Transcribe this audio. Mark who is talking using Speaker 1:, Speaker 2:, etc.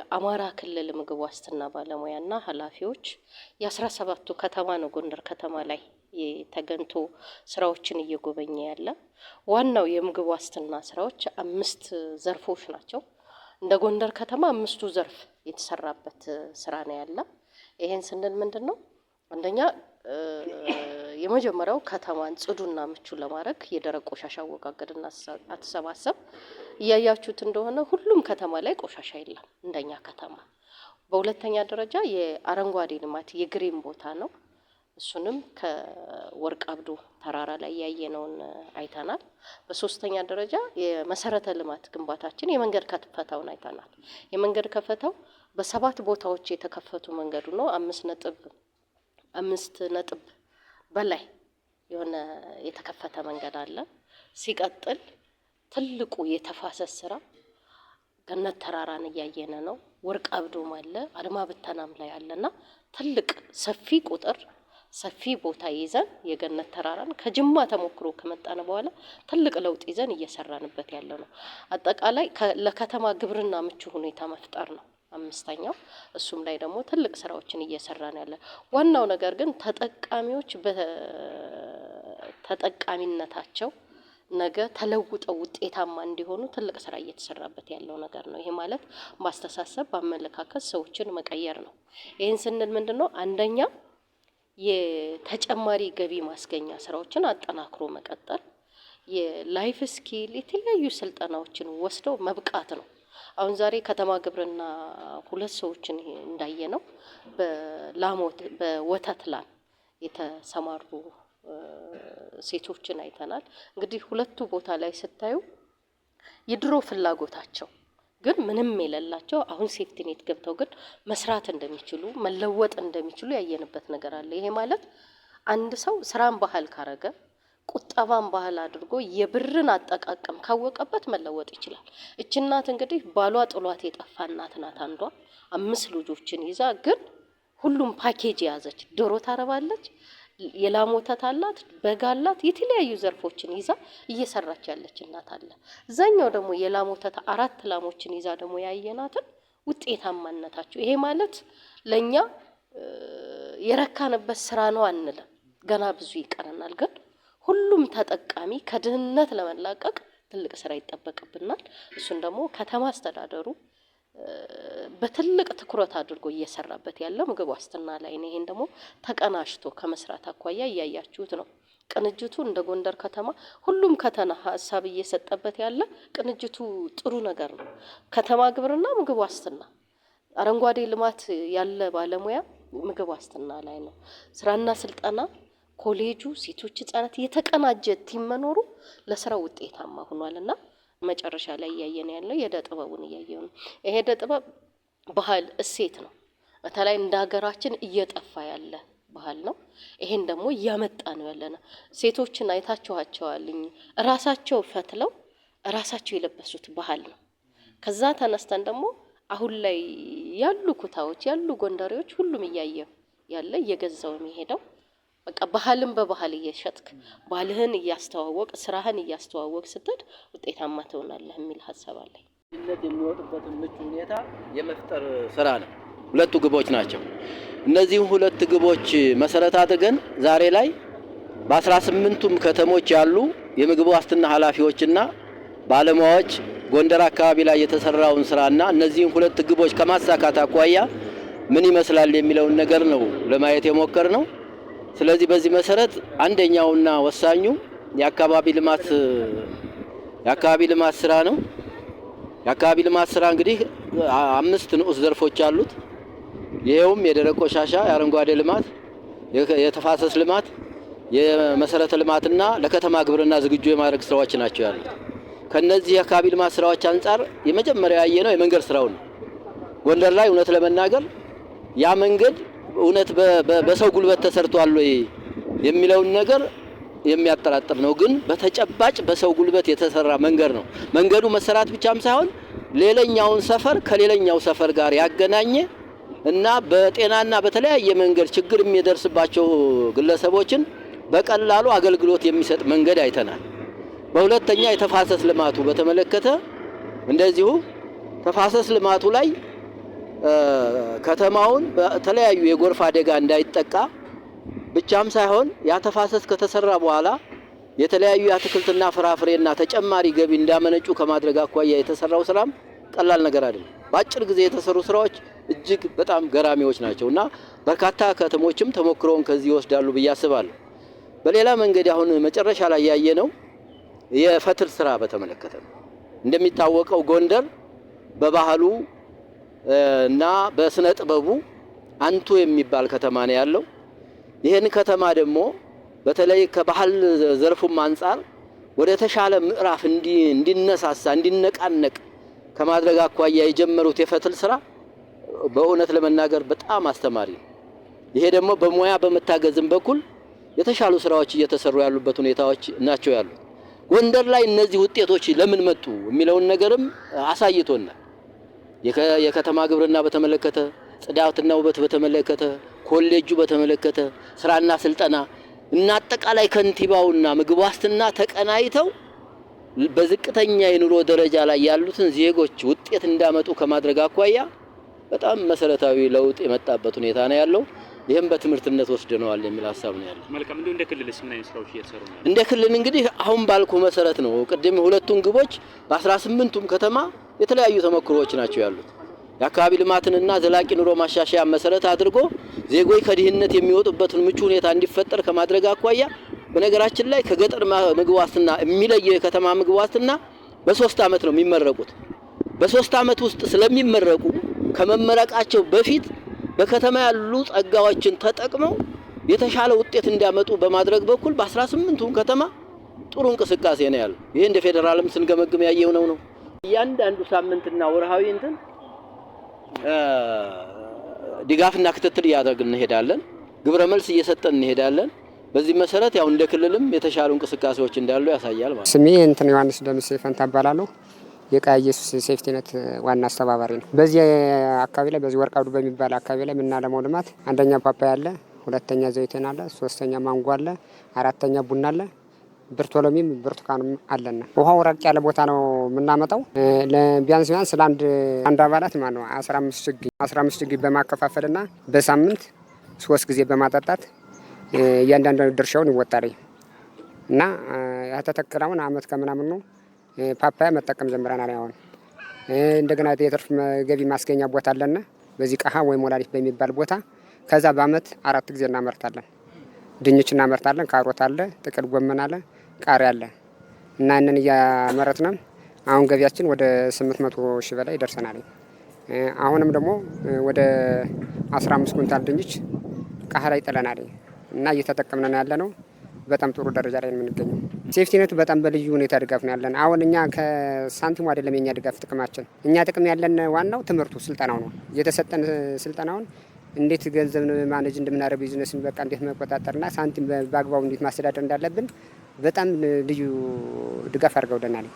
Speaker 1: የአማራ ክልል ምግብ ዋስትና ባለሙያና ኃላፊዎች የአስራ ሰባቱ ከተማ ነው ጎንደር ከተማ ላይ ተገንቶ ስራዎችን እየጎበኘ ያለ ዋናው የምግብ ዋስትና ስራዎች አምስት ዘርፎች ናቸው። እንደ ጎንደር ከተማ አምስቱ ዘርፍ የተሰራበት ስራ ነው ያለ። ይሄን ስንል ምንድን ነው? አንደኛ የመጀመሪያው ከተማን ጽዱና ምቹ ለማድረግ የደረቅ ቆሻሻ አወጋገድና አተሰባሰብ እያያችሁት እንደሆነ ሁሉም ከተማ ላይ ቆሻሻ የለም እንደኛ ከተማ። በሁለተኛ ደረጃ የአረንጓዴ ልማት የግሪን ቦታ ነው። እሱንም ከወርቅ አብዶ ተራራ ላይ ያየነውን አይተናል። በሶስተኛ ደረጃ የመሰረተ ልማት ግንባታችን የመንገድ ከፍታውን አይተናል። የመንገድ ከፍታው በሰባት ቦታዎች የተከፈቱ መንገዱ ነው። አምስት ነጥብ አምስት ነጥብ በላይ የሆነ የተከፈተ መንገድ አለ ሲቀጥል ትልቁ የተፋሰስ ስራ ገነት ተራራን እያየነ ነው። ወርቅ አብዶም አለ፣ አድማ ብተናም ላይ አለና ትልቅ ሰፊ ቁጥር ሰፊ ቦታ ይዘን የገነት ተራራን ከጅማ ተሞክሮ ከመጣን በኋላ ትልቅ ለውጥ ይዘን እየሰራንበት ያለ ነው። አጠቃላይ ለከተማ ግብርና ምቹ ሁኔታ መፍጠር ነው አምስተኛው። እሱም ላይ ደግሞ ትልቅ ስራዎችን እየሰራን ያለ። ዋናው ነገር ግን ተጠቃሚዎች በተጠቃሚነታቸው። ነገ ተለውጠው ውጤታማ እንዲሆኑ ትልቅ ስራ እየተሰራበት ያለው ነገር ነው። ይሄ ማለት ማስተሳሰብ፣ በአመለካከት ሰዎችን መቀየር ነው። ይህን ስንል ምንድን ነው? አንደኛ የተጨማሪ ገቢ ማስገኛ ስራዎችን አጠናክሮ መቀጠል፣ የላይፍ ስኪል የተለያዩ ስልጠናዎችን ወስደው መብቃት ነው። አሁን ዛሬ ከተማ ግብርና ሁለት ሰዎችን እንዳየ ነው በላሞት በወተት ላም የተሰማሩ ሴቶችን አይተናል። እንግዲህ ሁለቱ ቦታ ላይ ስታዩ የድሮ ፍላጎታቸው ግን ምንም የሌላቸው አሁን ሴፍቲኔት ገብተው ግን መስራት እንደሚችሉ መለወጥ እንደሚችሉ ያየንበት ነገር አለ። ይሄ ማለት አንድ ሰው ስራን ባህል ካረገ ቁጠባን ባህል አድርጎ የብርን አጠቃቀም ካወቀበት መለወጥ ይችላል። እች እናት እንግዲህ ባሏ ጥሏት የጠፋ እናት ናት። አንዷ አምስት ልጆችን ይዛ ግን ሁሉም ፓኬጅ የያዘች ዶሮ ታረባለች፣ የላም ወተት አላት፣ በግ አላት። የተለያዩ ዘርፎችን ይዛ እየሰራች ያለች እናት አለ። እዛኛው ደግሞ የላም ወተት አራት ላሞችን ይዛ ደግሞ ያየናትን ውጤታማነታቸው ይሄ ማለት ለእኛ የረካንበት ስራ ነው አንልም። ገና ብዙ ይቀረናል። ግን ሁሉም ተጠቃሚ ከድህነት ለመላቀቅ ትልቅ ስራ ይጠበቅብናል። እሱን ደግሞ ከተማ አስተዳደሩ በትልቅ ትኩረት አድርጎ እየሰራበት ያለው ምግብ ዋስትና ላይ ነው። ይሄን ደግሞ ተቀናሽቶ ከመስራት አኳያ እያያችሁት ነው። ቅንጅቱ እንደ ጎንደር ከተማ ሁሉም ከተና ሀሳብ እየሰጠበት ያለ ቅንጅቱ ጥሩ ነገር ነው። ከተማ ግብርና፣ ምግብ ዋስትና፣ አረንጓዴ ልማት ያለ ባለሙያ ምግብ ዋስትና ላይ ነው። ስራና ስልጠና ኮሌጁ፣ ሴቶች፣ ህጻናት የተቀናጀ ቲም መኖሩ ለስራ ውጤታማ ሆኗል እና መጨረሻ ላይ እያየን ያለው የእደ ጥበቡን እያየው ነው። ይሄ እደ ጥበብ ባህል እሴት ነው። በተለይ እንደ ሀገራችን እየጠፋ ያለ ባህል ነው። ይሄን ደግሞ እያመጣ ነው ያለ ነው። ሴቶችን አይታችኋቸዋልኝ እራሳቸው ፈትለው እራሳቸው የለበሱት ባህል ነው። ከዛ ተነስተን ደግሞ አሁን ላይ ያሉ ኩታዎች ያሉ ጎንደሬዎች ሁሉም እያየው ያለ እየገዛው የሚሄደው በቃ ባህልን በባህል እየሸጥክ ባህልህን እያስተዋወቅ ስራህን እያስተዋወቅ ስትሄድ ውጤታማ ትሆናለህ የሚል ሀሳብ አለኝ።
Speaker 2: ነት የሚወጡበትን ምቹ ሁኔታ የመፍጠር ስራ ነው። ሁለቱ ግቦች ናቸው። እነዚህም ሁለት ግቦች መሰረት አድርገን ዛሬ ላይ በአስራ ስምንቱም ከተሞች ያሉ የምግብ ዋስትና ኃላፊዎችና ባለሙያዎች ጎንደር አካባቢ ላይ የተሰራውን ስራና እነዚህን ሁለት ግቦች ከማሳካት አኳያ ምን ይመስላል የሚለውን ነገር ነው ለማየት የሞከር ነው። ስለዚህ በዚህ መሰረት አንደኛውና ወሳኙ የአካባቢ ልማት የአካባቢ ልማት ስራ ነው። የአካባቢ ልማት ስራ እንግዲህ አምስት ንዑስ ዘርፎች አሉት። ይሄውም የደረቅ ቆሻሻ፣ የአረንጓዴ ልማት፣ የተፋሰስ ልማት፣ የመሰረተ ልማትና ለከተማ ግብርና ዝግጁ የማድረግ ስራዎች ናቸው ያሉት። ከነዚህ የአካባቢ ልማት ስራዎች አንጻር የመጀመሪያ ያየ ነው የመንገድ ስራው ነው። ጎንደር ላይ እውነት ለመናገር ያ መንገድ እውነት በሰው ጉልበት ተሰርቷል ወይ የሚለውን ነገር የሚያጠራጥር ነው። ግን በተጨባጭ በሰው ጉልበት የተሰራ መንገድ ነው። መንገዱ መሰራት ብቻም ሳይሆን ሌላኛውን ሰፈር ከሌላኛው ሰፈር ጋር ያገናኘ እና በጤናና በተለያየ መንገድ ችግር የሚደርስባቸው ግለሰቦችን በቀላሉ አገልግሎት የሚሰጥ መንገድ አይተናል። በሁለተኛ የተፋሰስ ልማቱ በተመለከተ እንደዚሁ ተፋሰስ ልማቱ ላይ ከተማውን በተለያዩ የጎርፍ አደጋ እንዳይጠቃ ብቻም ሳይሆን ያ ተፋሰስ ከተሰራ በኋላ የተለያዩ የአትክልትና ፍራፍሬና ተጨማሪ ገቢ እንዳመነጩ ከማድረግ አኳያ የተሰራው ስራም ቀላል ነገር አይደለም። በአጭር ጊዜ የተሰሩ ስራዎች እጅግ በጣም ገራሚዎች ናቸው እና በርካታ ከተሞችም ተሞክሮውን ከዚህ ይወስዳሉ ብዬ አስባለሁ። በሌላ መንገድ አሁን መጨረሻ ላይ ያየ ነው የፈትል ስራ በተመለከተ ነው። እንደሚታወቀው ጎንደር በባህሉ እና በስነ ጥበቡ አንቱ የሚባል ከተማ ነው ያለው። ይህን ከተማ ደግሞ በተለይ ከባህል ዘርፉም አንጻር ወደ ተሻለ ምዕራፍ እንዲነሳሳ እንዲነቃነቅ ከማድረግ አኳያ የጀመሩት የፈትል ስራ በእውነት ለመናገር በጣም አስተማሪ ነው። ይሄ ደግሞ በሙያ በመታገዝም በኩል የተሻሉ ስራዎች እየተሰሩ ያሉበት ሁኔታዎች ናቸው ያሉት። ጎንደር ላይ እነዚህ ውጤቶች ለምን መጡ የሚለውን ነገርም አሳይቶናል። የከተማ ግብርና በተመለከተ፣ ጽዳትና ውበት በተመለከተ፣ ኮሌጁ በተመለከተ፣ ስራና ስልጠና እና አጠቃላይ ከንቲባውና ምግብ ዋስትና ተቀናይተው በዝቅተኛ የኑሮ ደረጃ ላይ ያሉትን ዜጎች ውጤት እንዳመጡ ከማድረግ አኳያ በጣም መሰረታዊ ለውጥ የመጣበት ሁኔታ ነው ያለው። ይህም በትምህርትነት ወስደነዋል የሚል ሀሳብ ነው ያለው።
Speaker 3: መልካም። እንደ ክልልስ ምን አይነት ስራዎች እየተሰሩ ነው?
Speaker 2: እንደ ክልል እንግዲህ አሁን ባልኩ መሰረት ነው ቅድም ሁለቱን ግቦች በ18ቱም ከተማ የተለያዩ ተሞክሮዎች ናቸው ያሉት። የአካባቢ ልማትንና ዘላቂ ኑሮ ማሻሻያ መሰረት አድርጎ ዜጎች ከድህነት የሚወጡበትን ምቹ ሁኔታ እንዲፈጠር ከማድረግ አኳያ በነገራችን ላይ ከገጠር ምግብ ዋስትና የሚለየው የከተማ ምግብ ዋስትና በሶስት አመት ነው የሚመረቁት። በሶስት አመት ውስጥ ስለሚመረቁ ከመመረቃቸው በፊት በከተማ ያሉ ጸጋዎችን ተጠቅመው የተሻለ ውጤት እንዲያመጡ በማድረግ በኩል በ18ቱም ከተማ ጥሩ እንቅስቃሴ ነው ያለው። ይህ እንደ ፌዴራልም ስንገመግም ያየው ነው ነው
Speaker 3: እያንዳንዱ ሳምንትና ወርሃዊ እንትን ድጋፍና ክትትል እያደረግን እንሄዳለን። ግብረ መልስ እየሰጠን እንሄዳለን። በዚህ መሰረት ያው እንደ ክልልም የተሻሉ እንቅስቃሴዎች እንዳሉ ያሳያል ማለት።
Speaker 4: ስሜ እንትን ዮሐንስ ደምስ ፈንታ እባላለሁ። የቃ ኢየሱስ ሴፍቲነት ዋና አስተባባሪ ነው። በዚህ አካባቢ ላይ በዚህ ወርቃዱ በሚባል አካባቢ ላይ የምናለመው ልማት አንደኛ ፓፓያ አለ፣ ሁለተኛ ዘይትን አለ፣ ሶስተኛ ማንጎ አለ፣ አራተኛ ቡና አለ ብርቶሎሚም ብርቱካንም አለና ውሃው ራቅ ያለ ቦታ ነው የምናመጣው። ቢያንስ ቢያንስ ለአንድ አንድ አባላት ማለት ነው አስራ አምስት ችግኝ አስራ አምስት ችግኝ በማከፋፈልና በሳምንት ሶስት ጊዜ በማጠጣት እያንዳንዱ ድርሻውን ይወጣል እና ያተተክለውን አመት ከምናምን ነው ፓፓያ መጠቀም ጀምረናል። አሁን እንደገና የትርፍ ገቢ ማስገኛ ቦታ አለና በዚህ ቀሀ ወይም ወላሊት በሚባል ቦታ ከዛ በአመት አራት ጊዜ እናመርታለን። ድንች እናመርታለን። ካሮት አለ፣ ጥቅል ጎመን አለ። ቃሪያ አለ እና ንን እያመረት ነው። አሁን ገቢያችን ወደ 800 ሺህ በላይ ደርሰናል። አሁንም ደግሞ ወደ 15 ኩንታል ድንች ቃህላ ይጥለናል እና ነው ያለ ነው። በጣም ጥሩ ደረጃ ላይ የምንገኘው ሴፍቲነቱ በጣም በልዩ ሁኔታ ድጋፍ ነው ያለን። አሁን እኛ ከሳንቲሙ አይደለም የኛ ድጋፍ ጥቅማችን። እኛ ጥቅም ያለን ዋናው ትምህርቱ ስልጠናው ነው የተሰጠን። ስልጠናውን እንዴት ገንዘብ ማነጅ እንደምናደርግ ቢዝነስን በቃ እንዴት መቆጣጠርና ሳንቲም በአግባቡ እንዴት ማስተዳደር እንዳለብን በጣም ልዩ ድጋፍ አድርገውልናል።